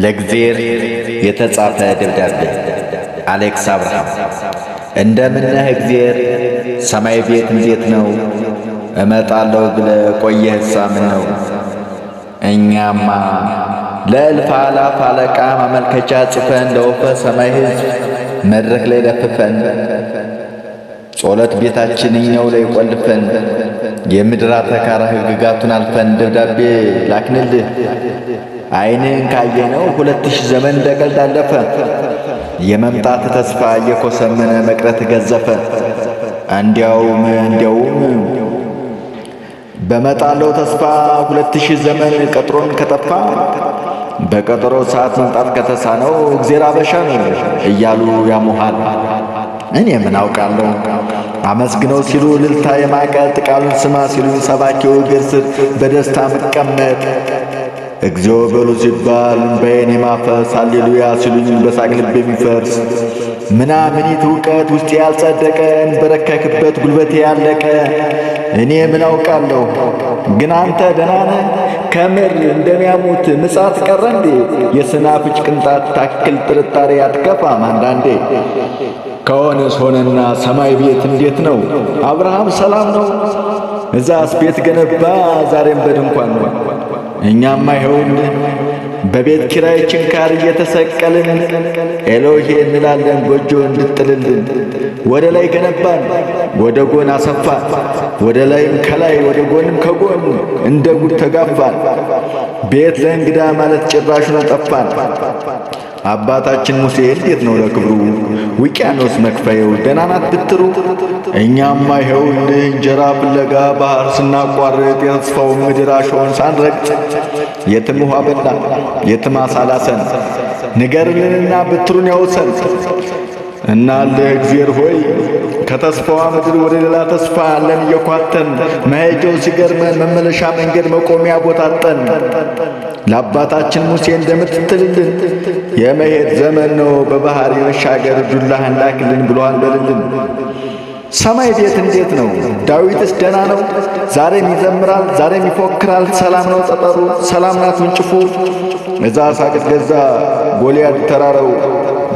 ለእግዜር የተጻፈ ደብዳቤ አሌክስ አብርሃም። እንደምነህ እግዜር፣ ሰማይ ቤት እንዴት ነው? እመጣለሁ ብለ ቆየህሳ ምን ነው? እኛማ ለእልፍ አላፍ አለቃ ማመልከቻ ጽፈን ለወፈ ሰማይ ሕዝብ መድረክ ላይ ለፍፈን ጾለት ቤታችን እኛው ላይ ቆልፈን የምድር አተካራ ህግጋቱን አልፈን ደብዳቤ ላክንልህ። አይንህን ካየነው ሁለት ሺህ ዘመን እንደቀልድ አለፈ። የመምጣት ተስፋ እየኮሰመነ መቅረት ገዘፈ። እንዲያውም እንዲያውም በመጣለው ተስፋ ሁለት ሺህ ዘመን ቀጥሮን ከጠፋ በቀጠሮ ሰዓት መምጣት ከተሳነው እግዜር አበሻ ነው እያሉ ያሙሃል። እኔ ምን አውቃለሁ? አመስግነው ሲሉ ልልታ የማቀልጥ ቃሉን ስማ ሲሉ ሰባኪው እግር ስር በደስታ መቀመጥ እግዚኦ በሉ ሲባል እንባዬን የማፈስ አሌሉያ ሲሉኝ በሳቅ ልብ የሚፈርስ ምናምኒት እውቀት ውስጥ ያልጸደቀ እንበረከክበት ጉልበቴ ያለቀ እኔ ምን አውቃለሁ? ግን አንተ ደህና ነህ? ከምር እንደሚያሙት ምጻት ቀረ እንዴ? ቅንጣት ታክል ጥርጣሬ አትከፋም አንዳንዴ ከሆነስ ሆነና ሰማይ ቤት እንዴት ነው? አብርሃም ሰላም ነው። እዛስ ቤት ገነባ፣ ዛሬም በድንኳን ነው። እኛማ ይኸውል በቤት ኪራይ ችንካር እየተሰቀልን ኤሎሄ እንላለን። ጎጆ እንድጥልልን ወደ ላይ ገነባን፣ ወደ ጎን አሰፋን፣ ወደ ላይም ከላይ ወደ ጎንም ከጎን እንደ ጉድ ተጋፋን። ቤት ለእንግዳ ማለት ጭራሹን አጠፋን! አባታችን ሙሴ እንዴት ነው ለክብሩ ውቅያኖስ መክፈየው ደህና ናት ብትሩ፣ እኛማ ይኸው እንጀራ ፍለጋ ባህር ስናቋርጥ የተስፋውን ምድር አሸዋን ሳንረግጥ የትም ውሃ በላን፣ የትም አሳላሰን። ንገርልንና ብትሩን ያውሰን እና ለእግዚአብሔር ሆይ ከተስፋዋ ምድር ወደ ሌላ ተስፋ አለን እየኳተን መሄጃው ሲገርመን መመለሻ መንገድ መቆሚያ ቦታጠን ለአባታችን ሙሴ እንደምትትልልን የመሄድ ዘመን ነው በባህር የመሻገር ዱላህን ላክልን ብሏል በልልን። ሰማይ ቤት እንዴት ነው? ዳዊትስ ደና ነው? ዛሬም ይዘምራል፣ ዛሬም ይፎክራል። ሰላም ነው ጠጠሩ፣ ሰላም ናት ምንጭፉ። እዛ ሳቅት ገዛ ጎልያድ ተራረው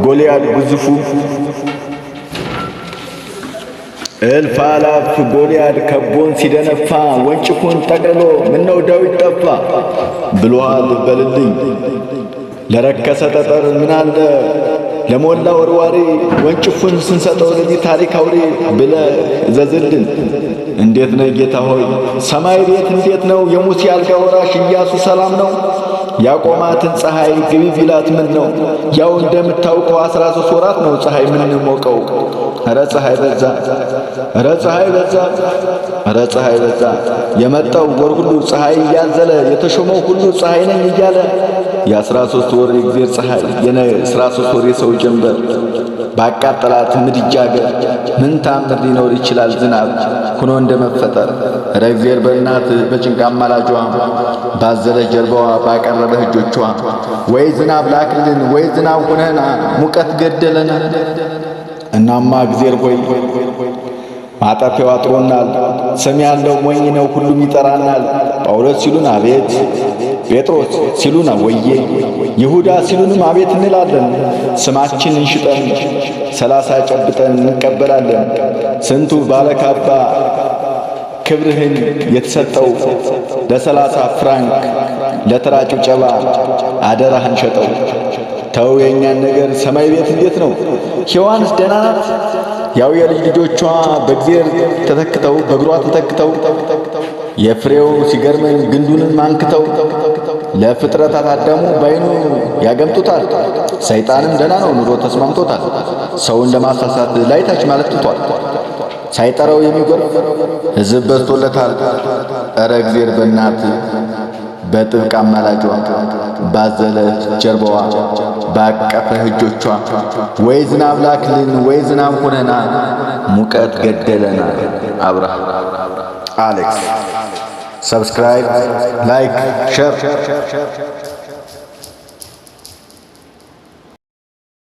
ጎልያድ ግዙፉ እልፍ አላፍ ጎልያድ ከቦን ሲደነፋ ወንጭፉን ጠቅልሎ ምነው ዳዊት ጠፋ ብሎሃል በልልኝ ለረከሰ ጠጠር ምናለ ለሞላ ወርዋሪ ወንጭፉን ስንሰጠው ለዚህ ታሪክ አውሪ ብለ እዘዝልን። እንዴት ነው ጌታ ሆይ ሰማይ ቤት እንዴት ነው የሙሴ አልጋ ወራሽ ኢያሱ ሰላም ነው? ያቆማትን ፀሐይ ግቢ ቢላት ምን ነው? ያው እንደምታውቀው አስራ ሶስት ወራት ነው ፀሐይ የምንሞቀው። ኧረ ፀሐይ በዛ፣ ኧረ ፀሐይ በዛ፣ ኧረ ፀሐይ በዛ። የመጣው ወር ሁሉ ፀሐይ እያዘለ የተሾመው ሁሉ ፀሐይ ነኝ እያለ የአስራ ሦስት ወር የእግዚአብሔር ፀሐይ የነ አስራ ወር የሰው ጀንበር ባቃጠላት ምድጃ ገር ምን ታምር ሊኖር ይችላል? ዝናብ ሆኖ እንደመፈጠር እረ በእናት በጭንቃማ አማላጇ ባዘለ ጀርባዋ ባቀረበ እጆቿ ወይ ዝናብ ላክልን፣ ወይ ዝናብ ሁነና ሙቀት ገደለን እናማ እግዚአብሔር ሆይ ማጠፊያው አጥሮናል። ስም ያለው ሞኝ ነው፣ ሁሉም ይጠራናል። ጳውሎስ ሲሉን አቤት፣ ጴጥሮስ ሲሉን ወዬ፣ ይሁዳ ሲሉንም አቤት እንላለን። ስማችን እንሽጠን ሰላሳ ጨብጠን እንቀበላለን። ስንቱ ባለ ካባ ክብርህን የተሰጠው ለሰላሳ ፍራንክ ለተራ ጭብጨባ አደራህን ሸጠው። ተው የእኛን ነገር። ሰማይ ቤት እንዴት ነው? ሔዋንስ ደህና ናት? ያው የልጅ ልጆቿ በእግዜር ተተክተው በእግሯ ተተክተው የፍሬው ሲገርመን ግንዱንም አንክተው ለፍጥረታት አዳሙ ባይኑ ያገምጡታል። ሰይጣንም ደህና ነው፣ ኑሮ ተስማምቶታል። ሰውን ለማሳሳት ላይታች ማለት ትቷል። ሳይጠራው የሚገርም ሕዝብ በዝቶለታል። እረ እግዜር በእናት በጥብቅ አማላጇ ባዘለ ጀርባዋ ባቀፈ እጆቿ ወይ ዝናብ ላክልን፣ ወይ ዝናብ ሙቀት ገደለና። አብርሃ አሌክስ ሰብስክራይብ፣ ላይክ፣ ሼር